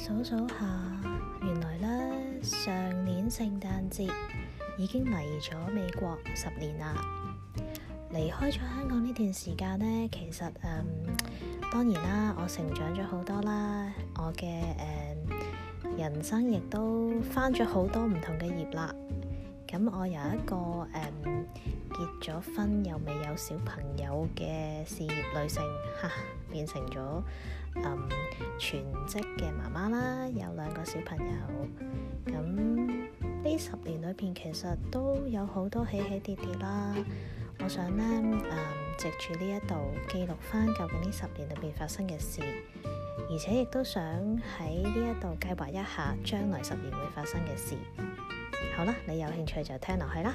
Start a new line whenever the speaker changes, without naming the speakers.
數數下，原來咧，上年聖誕節已經嚟咗美國十年啦。離開咗香港呢段時間呢，其實誒、嗯，當然啦，我成長咗好多啦，我嘅誒、嗯、人生亦都翻咗好多唔同嘅頁啦。咁我有一個誒。嗯結咗婚又未有小朋友嘅事業女性，吓變成咗，嗯、全職嘅媽媽啦，有兩個小朋友。咁，嗯、呢十年裏邊其實都有好多起起跌跌啦。我想呢，嗯，藉住呢一度記錄翻究竟呢十年裏邊發生嘅事，而且亦都想喺呢一度計劃一下將來十年會發生嘅事。好啦，你有興趣就聽落去啦。